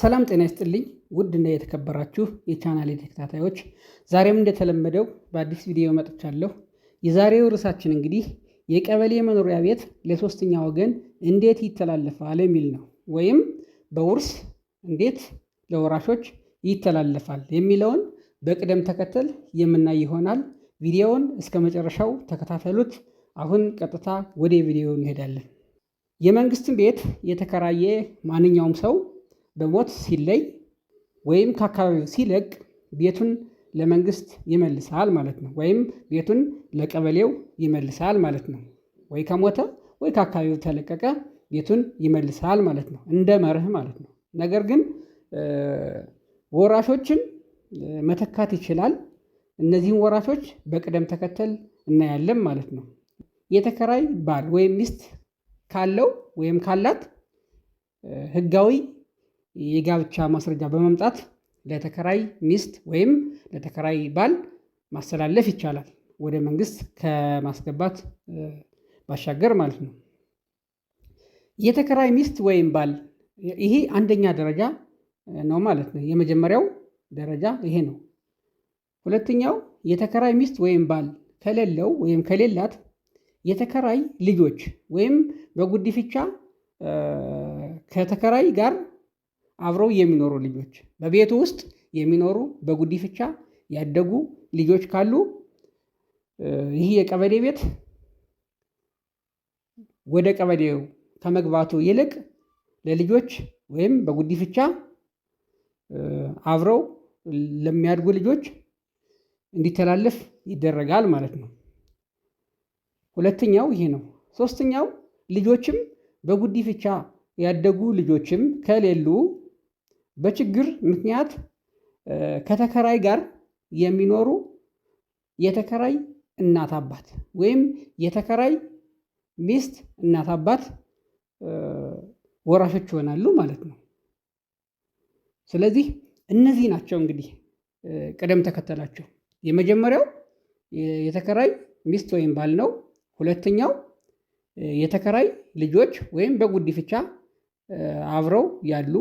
ሰላም ጤና ይስጥልኝ ውድና የተከበራችሁ የቻናሌ ተከታታዮች፣ ዛሬም እንደተለመደው በአዲስ ቪዲዮ መጥቻለሁ። የዛሬው ርዕሳችን እንግዲህ የቀበሌ መኖሪያ ቤት ለሶስተኛ ወገን እንዴት ይተላለፋል የሚል ነው። ወይም በውርስ እንዴት ለወራሾች ይተላለፋል የሚለውን በቅደም ተከተል የምናይ ይሆናል። ቪዲዮውን እስከ መጨረሻው ተከታተሉት። አሁን ቀጥታ ወደ ቪዲዮ እንሄዳለን። የመንግስትን ቤት የተከራየ ማንኛውም ሰው በሞት ሲለይ ወይም ከአካባቢው ሲለቅ ቤቱን ለመንግስት ይመልሳል ማለት ነው። ወይም ቤቱን ለቀበሌው ይመልሳል ማለት ነው። ወይ ከሞተ ወይ ከአካባቢው ተለቀቀ ቤቱን ይመልሳል ማለት ነው። እንደ መርህ ማለት ነው። ነገር ግን ወራሾችን መተካት ይችላል። እነዚህን ወራሾች በቅደም ተከተል እናያለን ማለት ነው። የተከራይ ባል ወይም ሚስት ካለው ወይም ካላት ህጋዊ የጋብቻ ማስረጃ በማምጣት ለተከራይ ሚስት ወይም ለተከራይ ባል ማስተላለፍ ይቻላል ወደ መንግስት ከማስገባት ባሻገር ማለት ነው። የተከራይ ሚስት ወይም ባል ይሄ አንደኛ ደረጃ ነው ማለት ነው። የመጀመሪያው ደረጃ ይሄ ነው። ሁለተኛው የተከራይ ሚስት ወይም ባል ከሌለው ወይም ከሌላት የተከራይ ልጆች ወይም በጉዲፍቻ ከተከራይ ጋር አብረው የሚኖሩ ልጆች በቤቱ ውስጥ የሚኖሩ በጉዲፍቻ ያደጉ ልጆች ካሉ ይህ የቀበሌ ቤት ወደ ቀበሌው ከመግባቱ ይልቅ ለልጆች ወይም በጉዲፍቻ አብረው ለሚያድጉ ልጆች እንዲተላለፍ ይደረጋል ማለት ነው። ሁለተኛው ይሄ ነው። ሶስተኛው ልጆችም በጉዲፍቻ ያደጉ ልጆችም ከሌሉ በችግር ምክንያት ከተከራይ ጋር የሚኖሩ የተከራይ እናት አባት ወይም የተከራይ ሚስት እናት አባት ወራሾች ይሆናሉ ማለት ነው። ስለዚህ እነዚህ ናቸው እንግዲህ ቅደም ተከተላቸው። የመጀመሪያው የተከራይ ሚስት ወይም ባል ነው። ሁለተኛው የተከራይ ልጆች ወይም ፍቻ። አብረው ያሉ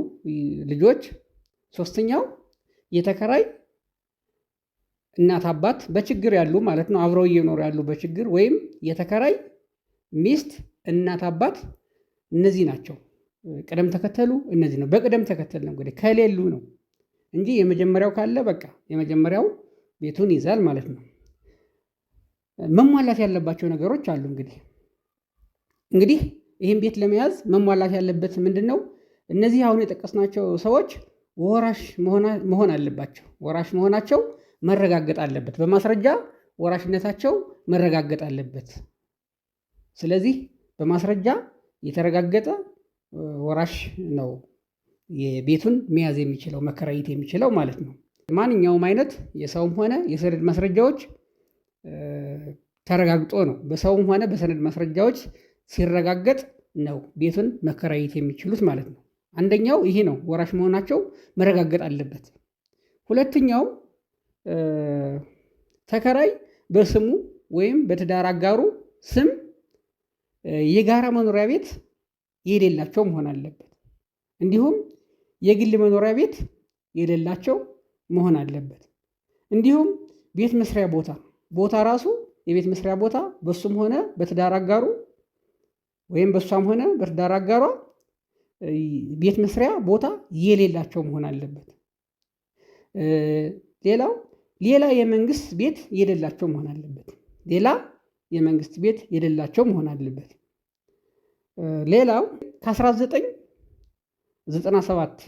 ልጆች፣ ሶስተኛው የተከራይ እናት አባት በችግር ያሉ ማለት ነው። አብረው እየኖሩ ያሉ በችግር ወይም የተከራይ ሚስት፣ እናት አባት፣ እነዚህ ናቸው። ቅደም ተከተሉ እነዚህ ነው። በቅደም ተከተል ነው እንግዲህ ከሌሉ ነው እንጂ የመጀመሪያው ካለ በቃ የመጀመሪያው ቤቱን ይዛል ማለት ነው። መሟላት ያለባቸው ነገሮች አሉ እንግዲህ እንግዲህ ይህን ቤት ለመያዝ መሟላት ያለበት ምንድን ነው? እነዚህ አሁን የጠቀስናቸው ሰዎች ወራሽ መሆን አለባቸው። ወራሽ መሆናቸው መረጋገጥ አለበት። በማስረጃ ወራሽነታቸው መረጋገጥ አለበት። ስለዚህ በማስረጃ የተረጋገጠ ወራሽ ነው የቤቱን መያዝ የሚችለው መከራየት የሚችለው ማለት ነው። ማንኛውም አይነት የሰውም ሆነ የሰነድ ማስረጃዎች ተረጋግጦ ነው በሰውም ሆነ በሰነድ ማስረጃዎች ሲረጋገጥ ነው ቤቱን መከራየት የሚችሉት ማለት ነው። አንደኛው ይሄ ነው፣ ወራሽ መሆናቸው መረጋገጥ አለበት። ሁለተኛው ተከራይ በስሙ ወይም በትዳር አጋሩ ስም የጋራ መኖሪያ ቤት የሌላቸው መሆን አለበት። እንዲሁም የግል መኖሪያ ቤት የሌላቸው መሆን አለበት። እንዲሁም ቤት መስሪያ ቦታ ቦታ ራሱ የቤት መስሪያ ቦታ በሱም ሆነ በትዳር አጋሩ ወይም በእሷም ሆነ በትዳር አጋሯ ቤት መስሪያ ቦታ የሌላቸው መሆን አለበት። ሌላው ሌላ የመንግስት ቤት የሌላቸው መሆን አለበት። ሌላ የመንግስት ቤት የሌላቸው መሆን አለበት። ሌላው ከ1997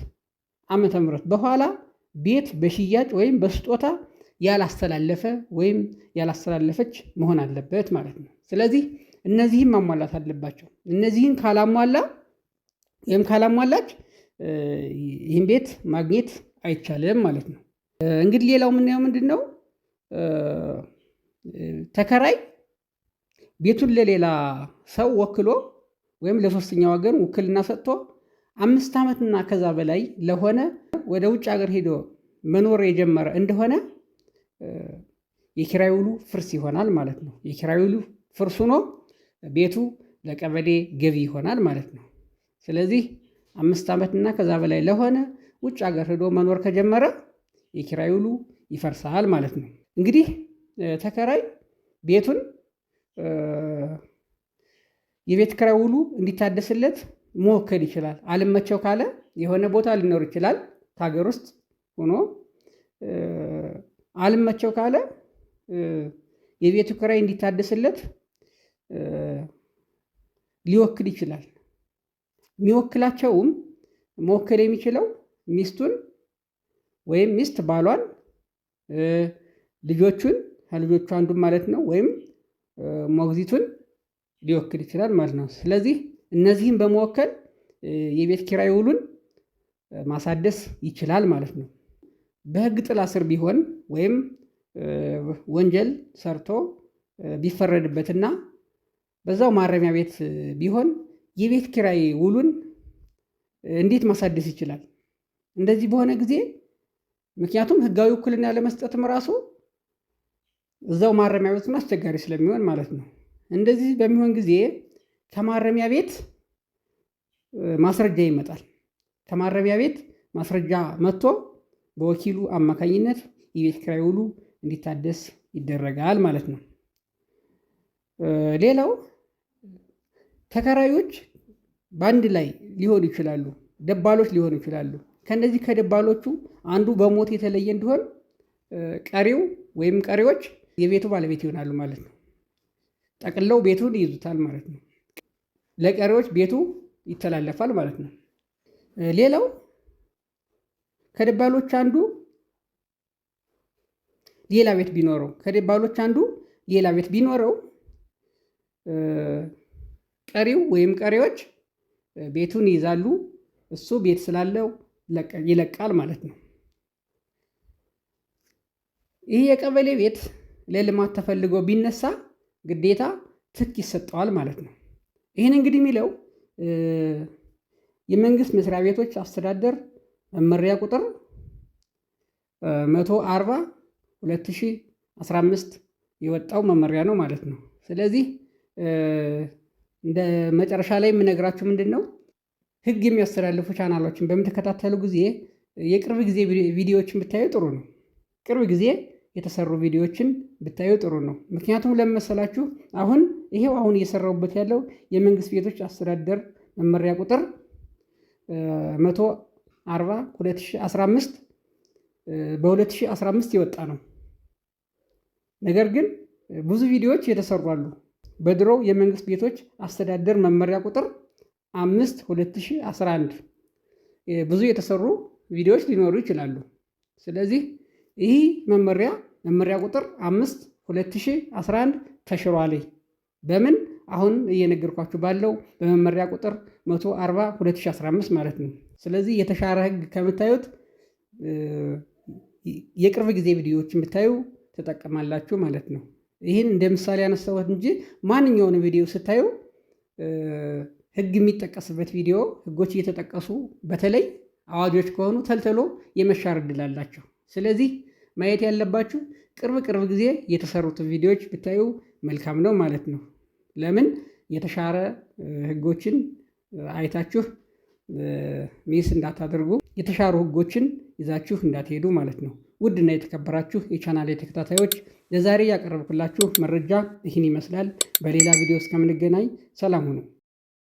ዓመተ ምህረት በኋላ ቤት በሽያጭ ወይም በስጦታ ያላስተላለፈ ወይም ያላስተላለፈች መሆን አለበት ማለት ነው። ስለዚህ እነዚህን ማሟላት አለባቸው። እነዚህን ካላሟላ ወይም ካላሟላች ይህን ቤት ማግኘት አይቻልም ማለት ነው። እንግዲህ ሌላው የምናየው ምንድን ነው? ተከራይ ቤቱን ለሌላ ሰው ወክሎ ወይም ለሶስተኛ ወገን ውክልና ሰጥቶ አምስት ዓመትና ከዛ በላይ ለሆነ ወደ ውጭ ሀገር ሄዶ መኖር የጀመረ እንደሆነ የኪራይ ውሉ ፍርስ ይሆናል ማለት ነው። የኪራይ ውሉ ፍርስ ሆኖ ቤቱ ለቀበሌ ገቢ ይሆናል ማለት ነው። ስለዚህ አምስት ዓመትና ከዛ በላይ ለሆነ ውጭ ሀገር ሄዶ መኖር ከጀመረ የኪራይ ውሉ ይፈርሳል ማለት ነው። እንግዲህ ተከራይ ቤቱን የቤት ክራይ ውሉ እንዲታደስለት መወከል ይችላል። አልመቸው ካለ የሆነ ቦታ ሊኖር ይችላል ከሀገር ውስጥ ሆኖ አልመቸው ካለ የቤቱ ክራይ እንዲታደስለት ሊወክል ይችላል። የሚወክላቸውም መወከል የሚችለው ሚስቱን ወይም ሚስት ባሏን፣ ልጆቹን ከልጆቹ አንዱን ማለት ነው ወይም ሞግዚቱን ሊወክል ይችላል ማለት ነው። ስለዚህ እነዚህን በመወከል የቤት ኪራይ ውሉን ማሳደስ ይችላል ማለት ነው። በህግ ጥላ ስር ቢሆን ወይም ወንጀል ሰርቶ ቢፈረድበትና በዛው ማረሚያ ቤት ቢሆን የቤት ኪራይ ውሉን እንዴት ማሳደስ ይችላል? እንደዚህ በሆነ ጊዜ ምክንያቱም ህጋዊ ውክልና ለመስጠትም ራሱ እዛው ማረሚያ ቤት አስቸጋሪ ስለሚሆን ማለት ነው። እንደዚህ በሚሆን ጊዜ ከማረሚያ ቤት ማስረጃ ይመጣል። ከማረሚያ ቤት ማስረጃ መጥቶ በወኪሉ አማካኝነት የቤት ኪራይ ውሉ እንዲታደስ ይደረጋል ማለት ነው። ሌላው ተከራዮች በአንድ ላይ ሊሆኑ ይችላሉ፣ ደባሎች ሊሆኑ ይችላሉ። ከእነዚህ ከደባሎቹ አንዱ በሞት የተለየ እንዲሆን ቀሪው ወይም ቀሪዎች የቤቱ ባለቤት ይሆናሉ ማለት ነው። ጠቅለው ቤቱን ይይዙታል ማለት ነው። ለቀሪዎች ቤቱ ይተላለፋል ማለት ነው። ሌላው ከደባሎች አንዱ ሌላ ቤት ቢኖረው ከደባሎች አንዱ ሌላ ቤት ቢኖረው ቀሪው ወይም ቀሪዎች ቤቱን ይይዛሉ። እሱ ቤት ስላለው ይለቃል ማለት ነው። ይህ የቀበሌ ቤት ለልማት ተፈልጎ ቢነሳ ግዴታ ትክ ይሰጠዋል ማለት ነው። ይህን እንግዲህ የሚለው የመንግስት መስሪያ ቤቶች አስተዳደር መመሪያ ቁጥር 140 2015 የወጣው መመሪያ ነው ማለት ነው። ስለዚህ እንደ መጨረሻ ላይ የምነግራችሁ ምንድን ነው ህግ የሚያስተላልፉ ቻናሎችን በምትከታተሉ ጊዜ የቅርብ ጊዜ ቪዲዮዎችን ብታዩ ጥሩ ነው። ቅርብ ጊዜ የተሰሩ ቪዲዮዎችን ብታዩ ጥሩ ነው። ምክንያቱም ለመሰላችሁ አሁን ይሄው አሁን እየሰራሁበት ያለው የመንግስት ቤቶች አስተዳደር መመሪያ ቁጥር 140 2015 በ2015 የወጣ ነው። ነገር ግን ብዙ ቪዲዮዎች የተሰሩ አሉ። በድሮው የመንግስት ቤቶች አስተዳደር መመሪያ ቁጥር አምስት 2011 ብዙ የተሰሩ ቪዲዮዎች ሊኖሩ ይችላሉ። ስለዚህ ይህ መመሪያ መመሪያ ቁጥር አምስት 2011 ተሽሯል። በምን አሁን እየነገርኳችሁ ባለው በመመሪያ ቁጥር 140 2015 ማለት ነው። ስለዚህ የተሻረ ህግ ከምታዩት የቅርብ ጊዜ ቪዲዮዎች የምታዩ ትጠቀማላችሁ ማለት ነው። ይህን እንደ ምሳሌ ያነሳሁት እንጂ ማንኛውን ቪዲዮ ስታዩ ህግ የሚጠቀስበት ቪዲዮ ህጎች እየተጠቀሱ በተለይ አዋጆች ከሆኑ ተልተሎ የመሻር እድል አላቸው። ስለዚህ ማየት ያለባችሁ ቅርብ ቅርብ ጊዜ የተሰሩት ቪዲዮዎች ብታዩ መልካም ነው ማለት ነው። ለምን የተሻረ ህጎችን አይታችሁ ሚስ እንዳታደርጉ የተሻሩ ህጎችን ይዛችሁ እንዳትሄዱ ማለት ነው። ውድና የተከበራችሁ የቻናል ተከታታዮች ለዛሬ ያቀረብኩላችሁ መረጃ ይህን ይመስላል። በሌላ ቪዲዮ እስከምንገናኝ ሰላም ሁኑ።